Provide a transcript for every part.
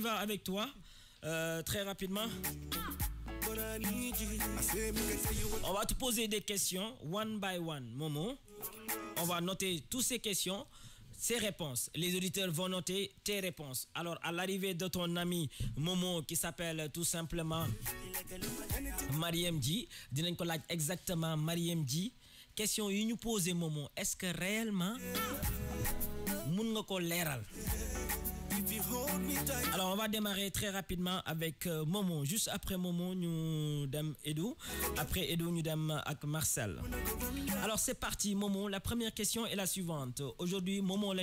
va avec toi, euh, très rapidement. On va te poser des questions, one by one, Momo. On va noter toutes ces questions, ces réponses. Les auditeurs vont noter tes réponses. Alors, à l'arrivée de ton ami Momo, qui s'appelle tout simplement Mariem Di, collègue exactement Mariem Di. Question une pose poser Momo, est-ce que réellement mon alors, on va démarrer très rapidement avec euh, Momo. Juste après Momo, nous dame Edu. Après Edou, nous dame avec Marcel. Alors, c'est parti, Momo. La première question est la suivante. Aujourd'hui, Momo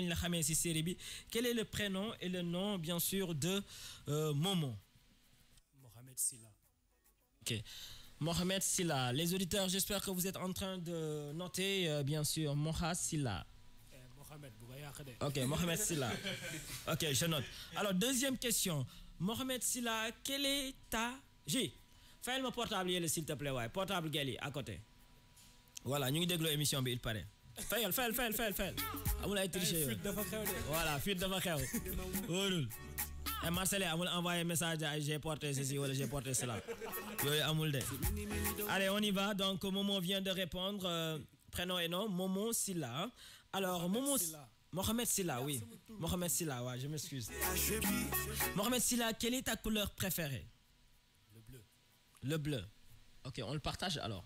Quel est le prénom et le nom, bien sûr, de euh, Momo Mohamed Silla. Ok. Mohamed Silla. Les auditeurs, j'espère que vous êtes en train de noter, euh, bien sûr, Mohamed Silla. Ok, Mohamed Silla. Ok, je note. Alors, deuxième question. Mohamed Silla, quel est ta. J. Fais le portable, s'il te plaît. Ouais. Portable Gali, à côté. Voilà, nous avons l'émission, il paraît. Fais-le, fais-le, fais-le, fais-le. Fais Amoul a triché. Fuite Voilà, fuite de Fakhel. Et eh, Marcel, a envoyé un message j'ai porté ceci ou j'ai porté cela. Amoul Allez, on y va. Donc, Momo vient de répondre. Euh, prénom et nom, Momo Silla. Alors, Momo. Mohamed Silla, oui. Mohamed Silla, ouais, je m'excuse. Mohamed Silla, quelle est ta couleur préférée Le bleu. Le bleu. Ok, on le partage alors.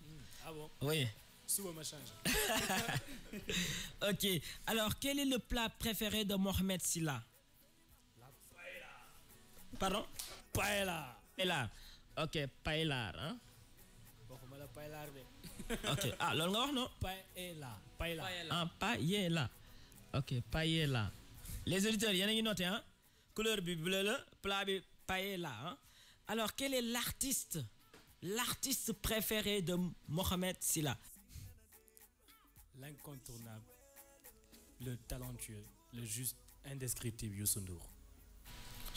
Hmm, ah bon Oui. Souvent, ma change. ok, alors quel est le plat préféré de Mohamed Silla La paella. Pardon Paella. Paella. Ok, paella. Hein? Ok, ah, l'on non Paella. Paella. En ah, paella. Ok, paella. Les auditeurs, il y en a qui notent, hein? Couleur bleu, le plat paella. Hein? Alors, quel est l'artiste, l'artiste préféré de Mohamed Silla L'incontournable, le talentueux, le juste, indescriptible Youssou Ndour.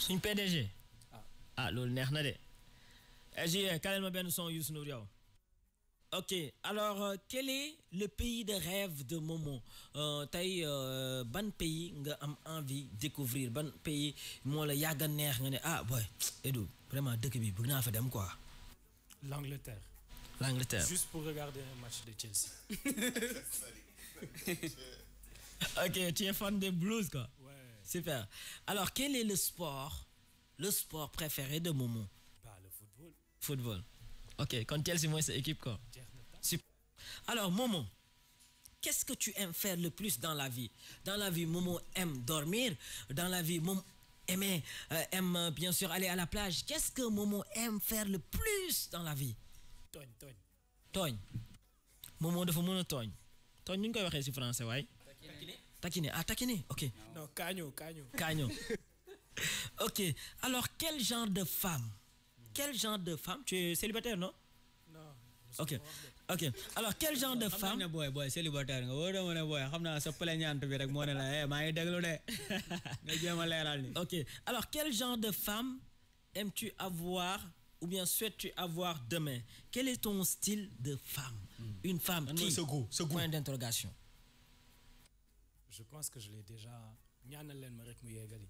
une PDG. ah, ah lol neex Eh de. SG kaleel ma bien son Youssou Ndour ok alors euh, quel est le pays de rêve de Momo euh, tey euh, ban pays tu as envie de découvrir ban pays que la as a nga ah boy Edou, vraiment dëkk bi de quoi. l'Angleterre. l'Angleterre juste pour regarder un match de Chelsea. ok tu es fan des Blues quoi. ouais super alors quel est le sport le sport préféré de Momo. Bah, le football. football. Ok, Quand elle moi, c'est équipe quoi. Alors, Momo, qu'est-ce que tu aimes faire le plus dans la vie Dans la vie, Momo aime dormir. Dans la vie, Momo aime, euh, aime euh, bien sûr aller à la plage. Qu'est-ce que Momo aime faire le plus dans la vie Togne, togne. Momo de mën a Toigne tooñ ñu ngi français ouais? Takine. Takine, ah taquiner ok. non cagno, cagno. Cagno. ok alors quel genre de femme quel genre de femme Tu es célibataire, non Non. ok ok alors quel genre de femme. xam boy, ne célibataire nga wóor na ma ne booy xam naa sa plaignante bi rek ne la eh maa ngi déglu de nga jéem a leeral ni. ok alors quel genre de femme aimes-tu avoir ou bien souhaites-tu avoir demain quel est ton style de femme. Hmm. une femme ah qui ce goût ce goût point d'interrogation. je pense que je l'ai déjà ñaanal leen ma rek mu yeggali.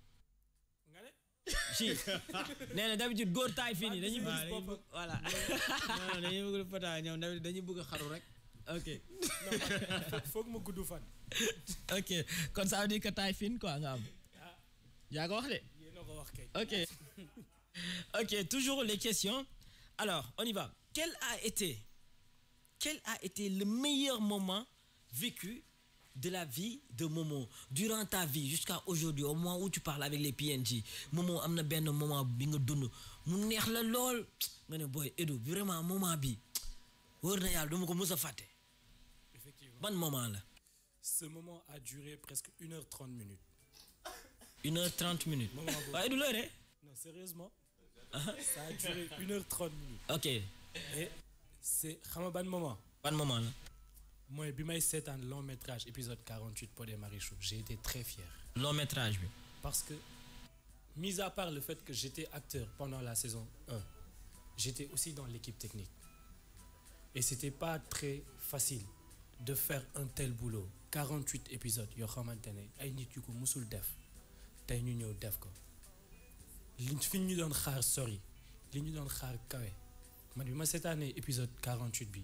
si nee na d'habitude góor taay fii nii dañuy bëgg voilà non dañuy bëgg pota ñoom d'habitude dañuy bëgg xaru rek ok foog ma gudd fan ok kon ça veut dire que taay fii quoi nga am ah. yaa ko wax de ok ok toujours les questions alors on y va quel a été quel a été le meilleur moment vécu de la vie de Momo durant ta vie jusqu'à aujourd'hui au moment où tu parles avec les PNG Momo amna ben moment bi nga dund mu neex la lol ngene boy edo vraiment moment bi wor na yalla dum ko musa faté ban moment la ce moment a duré presque 1h30 minutes 1h30 minutes ay douleur hein? non sérieusement ça a duré 1h30 minutes OK et c'est xama ban moment ban moment là mooy bi may long métrage épisode 48 pour les Marichou j'ai été très fier. long métrage parce que mis à part le fait que j'étais acteur pendant la saison 1 j'étais aussi dans l'équipe technique et c'était pas très facile de faire un tel boulot 48 épisodes yo xamante ay nit yu ko musul def Tay ñu ñëw def ko li fi ñu doon xaar sori li ñu doon xaar kawé. man bi cette année, épisode 48 bi.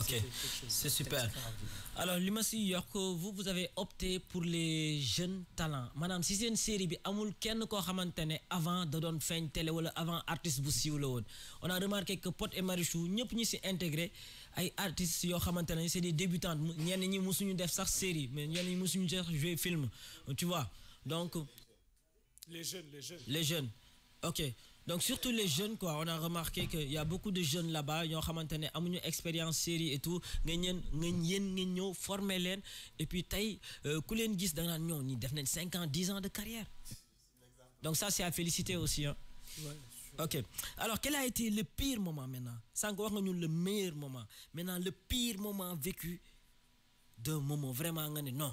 Ok, c'est super. Alors, Limasi Yorko, vous, vous avez opté pour les jeunes talents. Madame, si c'est une série, bi amul ken ko xamantene avant de don une télé ou avant artiste bu On a remarqué que Pot et Marichou ñep ñi intégré ay artistes yo xamantene c'est des débutants, ñen ñi musuñu def sax série, mais ñen ñi musuñu def jouer film. Tu vois. Donc les jeunes, les jeunes. Les jeunes. OK donc surtout les jeunes quoi on a remarqué qu'il y a beaucoup de jeunes là-bas ils ont une expérience série et tout Ils sont formés et puis tay ont 5 ans 10 ans de carrière donc ça c'est à féliciter aussi hein. ok alors quel a été le pire moment maintenant sans wax le meilleur moment maintenant le pire moment vécu de moment vraiment non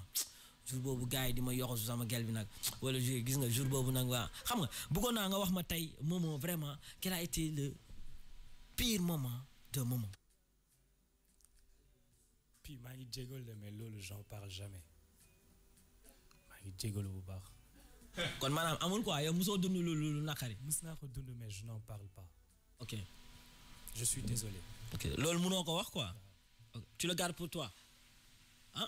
jour boobu gars yi di ma yoxosu sama gel bi nag wala jour gis nga jour boobu nak wa xam nga bu ko na nga wax ma tay Momo vraiment quel a été le pire moment de Momo. puis ma ngi jégalu de mais loolu j'en parle jamais ma ngi jégalu bu baax. kon manam amul quoi yow muso dund lu lu naqari. mos naa ko dund mais je n'en parle pas. ok. je suis désolé. ok loolu mënoo ko wax quoi. tu le gardes pour toi hein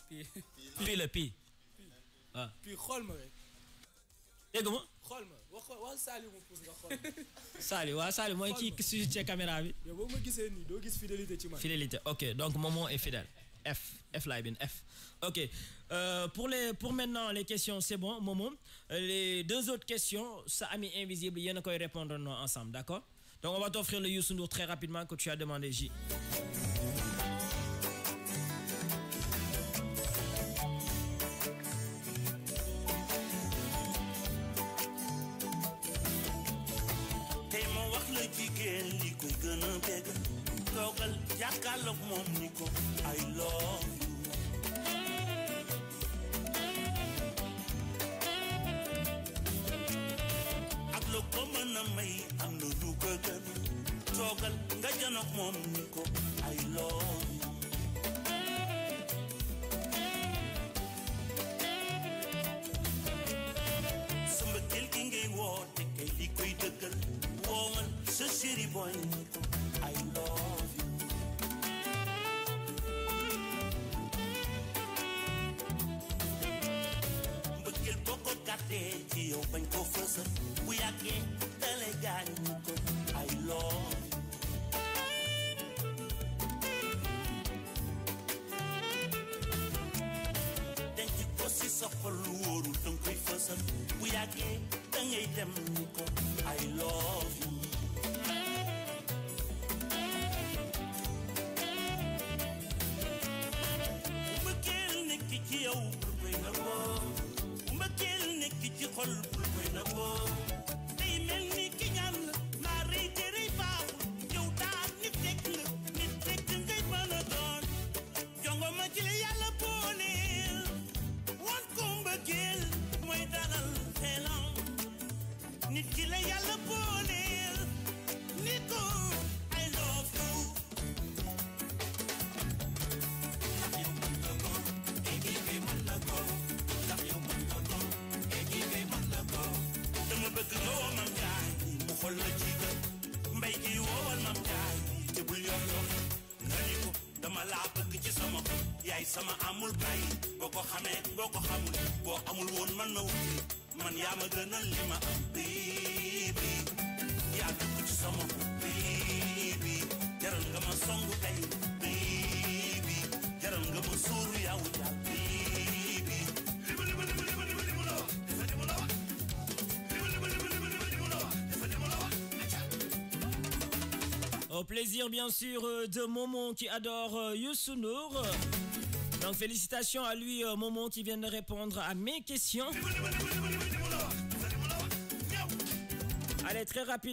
pile le waaw pile ah. xool ma rek comment? ma xool ma Sali mu pousse nga Sali caméra bi yow boo ma gisee nii doo gis fidélité ci fidélité ok donc Momo est fidèle F F laay F ok euh, pour les pour maintenant les questions c'est bon Momo les deux autres questions a ami invisible il y en a koy répondre ensemble d'accord donc on va t'offrir le Youssou très rapidement que tu as demandé J jigéen li koy gën a bëgg toogal moom ni ko I love you ak loo ko mën a may am na lu ko gën toogal nga moom ni ko I love you sama kër gi ngay woote kay li koy dëggal woowal the shitty boy, I love you. Porque el poco cadete yo ben confusa. We are gay, I love you. si soppal wóoru tan koy ko I love you dama laa bëgg ci sama yaay sama amul bàyyi boo ko xamee xamul boo amul man na man ma gënal am biibi yaa dugg ci sama xol jaral nga ma songu jaral nga ma Au plaisir, bien sûr, euh, de Momon qui adore euh, Yusunur. Donc, félicitations à lui, euh, Momon, qui vient de répondre à mes questions. Allez, très rapidement.